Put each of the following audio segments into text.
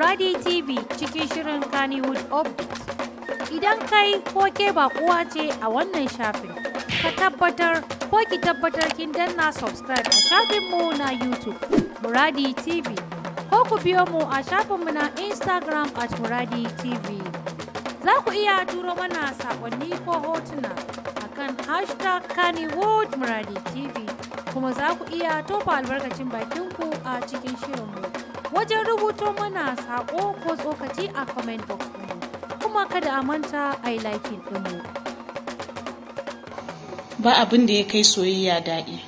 Muradi TV cikin shirin Kannywood Update. Idan kai ko ke bakuwa ce a wannan shafin, ka tabbatar ko ki tabbatar kin danna subscribe a shafinmu na YouTube Muradi TV. Ko ku biyo mu a shafinmu na Instagram at Muradi TV. Za ku iya turo mana saƙonni ko hotuna a kan hashtag Kannywood Muradi TV. Kuma za ku iya tofa albarkacin bakinku a cikin shirinmu. wajen rubuto mana saƙo ko tsokaci a comment box ɗinmu kuma kada a manta a yi ɗinmu. Ba abin da ya kai soyayya daɗi.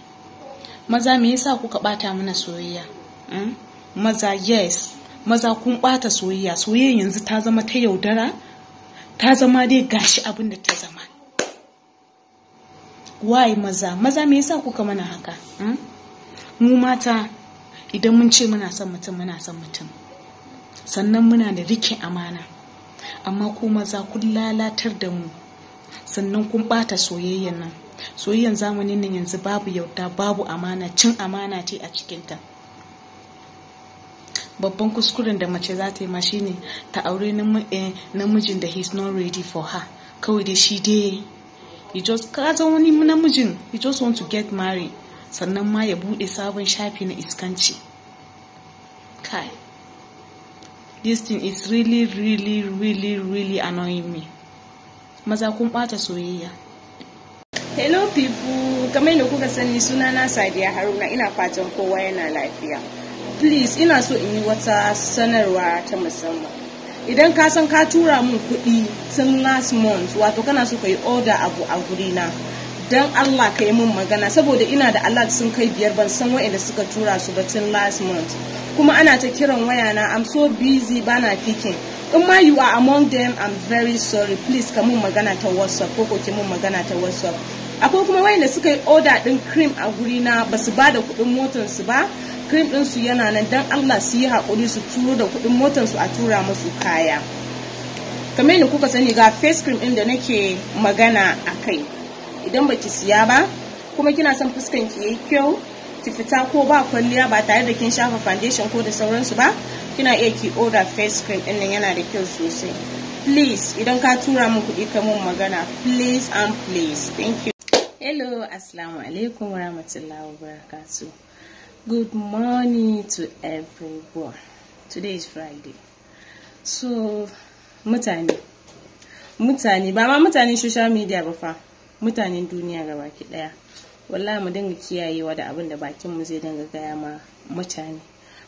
Maza me yasa kuka ɓata mana soyayya? Hmm? Maza yes, maza kun ɓata soyayya, soyayya yanzu ta zama ta yaudara, ta zama dai gashi abin da ta zama. Wai maza, maza me yasa kuka mana haka? Hmm? Mu mata idan mun ce muna son mutum muna son mutum sannan muna da rike amana amma ku maza kun lalatar da mu sannan kun bata soyayyan nan soyayyan zamanin nan yanzu babu yauta babu amana cin amana ce a cikinta babban kuskuren da mace za ta yi ma shine ta aure eh, namijin da he's not ready for her kawai da shi dai he just kaza wani namijin he just want to get married sannan ma ya buɗe sabon shafi na iskanci kai this thing is really really really really annoying me maza kun ɓata soyayya hello people kamar da kuka sani suna na sadiya haruna ina fatan kowa yana lafiya please ina so in yi wata sanarwa ta musamman idan ka san ka tura min kuɗi tun last month wato kana so ka yi order abu a gurina Don Allah ka yi min magana saboda ina da alert sun kai biyar ban san wa'anda suka tura su ba tun last month kuma ana ta kiran waya na I'm so busy bana fikin in ma you are among them I'm very sorry please ka mun magana ta WhatsApp ko ko ki mun magana ta WhatsApp akwai kuma wayanda suka yi order din cream a guri na basu ba da kuɗin motar su ba cream din su yana nan dan Allah su yi hakuri su turo da kuɗin motar su a tura musu kaya kamar yadda kuka sani ga face cream din da nake magana a kai idan baki siya ba kuma kina son fuskan ki yayi kyau ki fita ko ba kwalliya ba tare da kin shafa foundation ko da sauransu ba kina iya ki order face cream din nan yana da kyau sosai please idan ka tura min kuɗi ka mun magana please and please thank you hello assalamu alaikum wa barakatuh good morning to everyone today is friday so mutane mutane ba ma mutane social media ba fa mutanen duniya ga baki daya wallahi mu dinga kiyayewa da abin da bakin mu zai dinga gaya ma mutane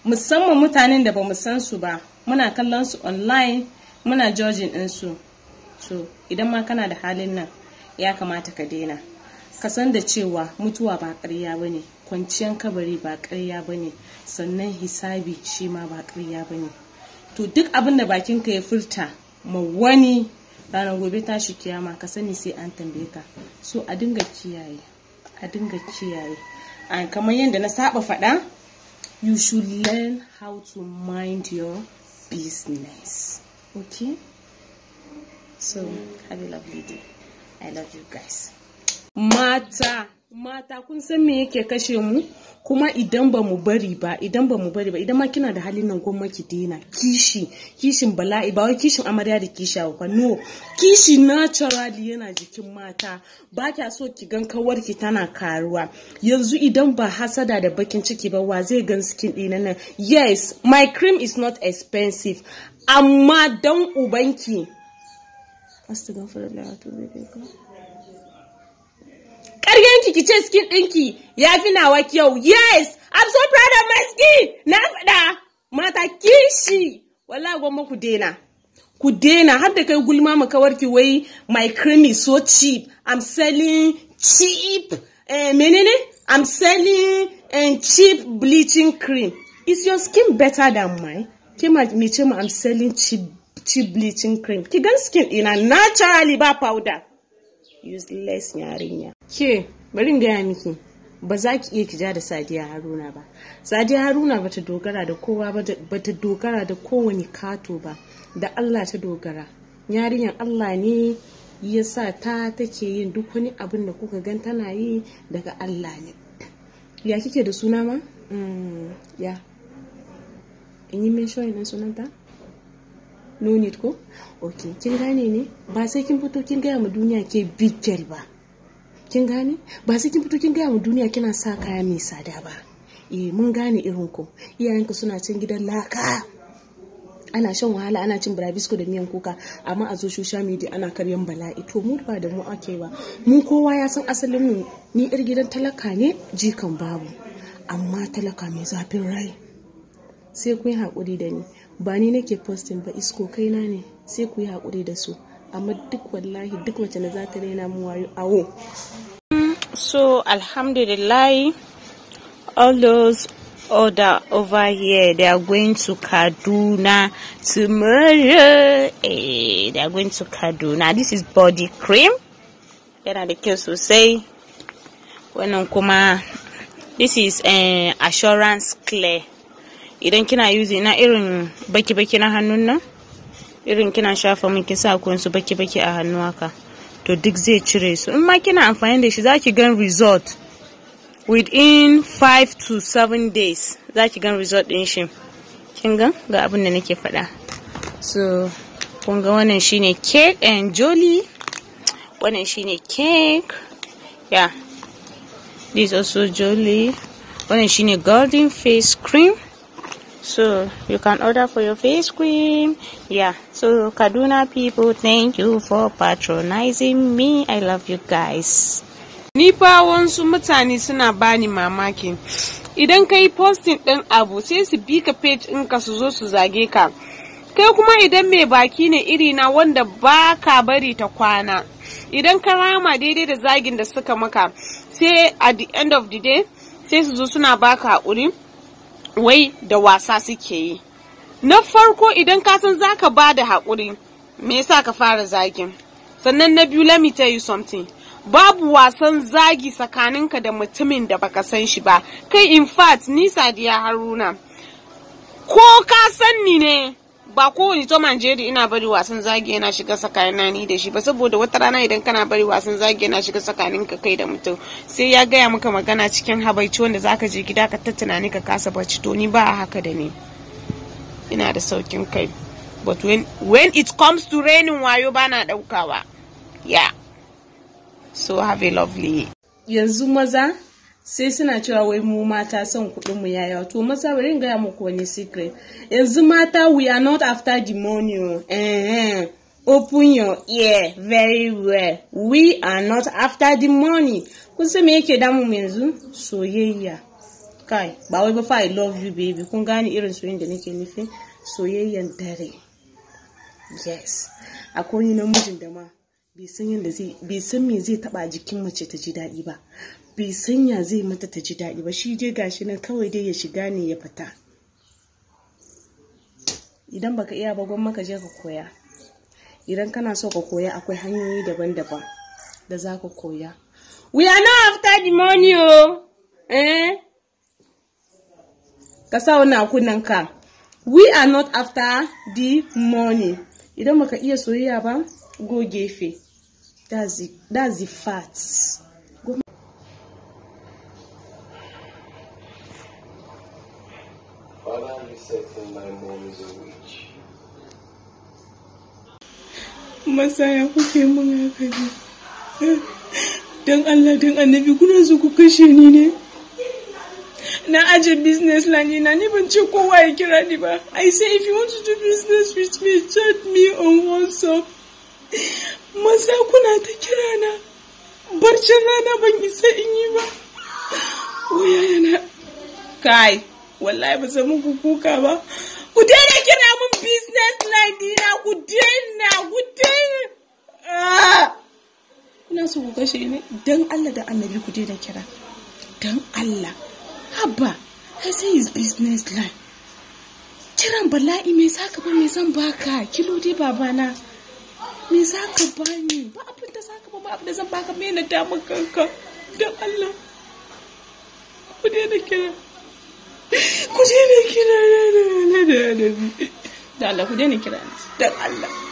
musamman mutanen da bamu san su ba muna kallon su online muna judging din su so idan ma kana da halin nan ya kamata ka daina ka san da cewa mutuwa ba ƙarya ba ne kwanciyar kabari ba ƙarya bane sannan hisabi shi ma ba ƙarya ba to duk abin da bakinka ya furta ma wani ranar gobe tashi kiyama ka sani sai an tambaye ka so a dinga kiyaye a dinga kiyaye kamar yadda na saba faɗa you should learn how to mind your business okay so have a lovely day i love you guys mata mata kun san me yake kashe mu kuma idan ba mu bari ba idan ba mu bari ba idan ma kina da halin nan kuma ki dena? kishi kishin bala'i ba wai kishin amarya da kisha ba no kishi naturally yana jikin mata ba kya so ki gan kawar ki tana karuwa yanzu idan ba hasada da bakin ciki ba wa zai gan skin dina nan yes my cream is not expensive amma dan ubanki astaghfirullah ki ki ce skin ɗinki ya fi nawa kyau yes i'm so proud of my skin na faɗa mata kishi wallahi gwamma ku dena ku dena har da kai gulma mu kawarki wai my cream is so cheap i'm selling cheap eh, menene i'm selling and eh, cheap bleaching cream is your skin better than mine ke me ce ma i'm selling cheap cheap bleaching cream ki gan skin ina naturally ba powder useless yarinya ke bari in gaya miki ba za ki iya kija da sadiya haruna ba sadiya haruna ba ta dogara da kowa ba ta dogara da kowane kato ba da allah ta dogara yarinyar allah ne ya sa ta take yin duk wani abin da kuka gan tana yi daga allah ne ya kike da suna ma mm, ya in yi mention ɗin sunanta no need ko ok kin gane ne ba sai kin fito kin gaya ma duniya ke big girl ba kin gane ba sai kin fito kin gaya mu duniya kina sa kaya mai tsada ba eh mun gane irin ku iyayenku suna cin gidan laka ana shan wahala ana cin burabisko da miyan kuka amma a zo social media ana karyan bala'i to mu ba da mu ake ba mu kowa ya san asalin mu ni ir gidan talaka ne jikan babu amma talaka mai zafin rai sai ku yi haƙuri da ni ba ni nake posting ba isko kaina ne sai ku yi haƙuri da su amma duk wallahi duk mace na zata ta raina mu wayo awo so alhamdulillah all those order over here. They are going to Kaduna tomorrow. Hey, eh, they are going to Kaduna. This is body cream. Then the kyau will say, when this is uh, assurance clear. Idan kina using na irin baki-baki na hannun nan? irin kina shafa min kin sa su baki baki a hannu to duk zai cire su in ma kina amfani da shi za ki gan result within 5 to 7 days za ki gan result din shi kin ga ga abin da nake faɗa so kun ga wannan shine cake and jolly wannan shine cake yeah this also jolly wannan shine golden face cream So you can order for your face cream. Yeah. So Kaduna people, thank you for patronizing me. I love you guys. Ni fa wasu mutane suna bani mamaki. Idan ka yi posting ɗin abu sai su bi ka page ɗinka su zo su zage ka. Kai kuma idan mai baki ne iri na wanda ba ka bari ta kwana. Idan ka rama daidai da zagin da suka maka sai at the end of the day sai su zo suna baka haƙuri. wai da wasa suke yi na farko idan ka san za ka ba da haƙuri me yasa ka fara zagin sannan na biyu let me tell you something babu wasan zagi tsakaninka da mutumin da baka san shi ba kai in fact ni sadiya haruna ko ka san ni ne ba kowane Tom Jerry ina bari wasan zagi yana shiga tsakanin ni da shi ba saboda wata rana idan kana bari wasan zagi yana shiga tsakanin ka kai da mutum sai ya gaya maka magana cikin habaici wanda zaka je gida ka tattuna ni ka kasa bacci to ni ba haka da ni ina da saukin kai but when it comes to raining wayo bana daukawa yeah so have a lovely yanzu maza sai suna cewa wai mu mata son kuɗin mu yaya to maza bari in gaya muku wani secret yanzu mata we are not after the money oh. eh -huh. open your ear very well we are not after the money kun san me yake damu yanzu soyayya kai ba wai ba fa i love you baby kun gane irin soyayya da nake nufi soyayyan dare yes akwai namijin da ma bai san me zai taba jikin mace ta ji daɗi ba bai sanya zai mata ta ji daɗi ba shi dai gashi nan kawai dai ya shiga ne ya fita idan baka iya ba gwamma ka je ka koya idan kana so ka koya akwai hanyoyi daban-daban da za ka koya we are not after the money o oh. eh ka sa wannan kunan ka we are not after the money idan baka iya soyayya ba go gefe that's the, that's the facts masa ya kuke mun haka ne don allah don annabi kuna su ku kashe ni ne na aje business ni na ni ban ce kowa ya kira ni ba i say if you want to do business with me chat me on whatsapp maza kuna ta kira na barcin rana ban isa in yi ba waya yana kai wallahi ba zama ku kuka ba ku daina business line na ku na ku kuna ah! so ku kashe ne dan Allah da annabi ku daina kira dan Allah haba I say his business line kiran bala'i me saka ba me zan baka kilo dai babana me zaka ba abin da zaka ba ba abin da zan me na damu kanka dan Allah ku daina kira ku daina kira na na ده على كده يعني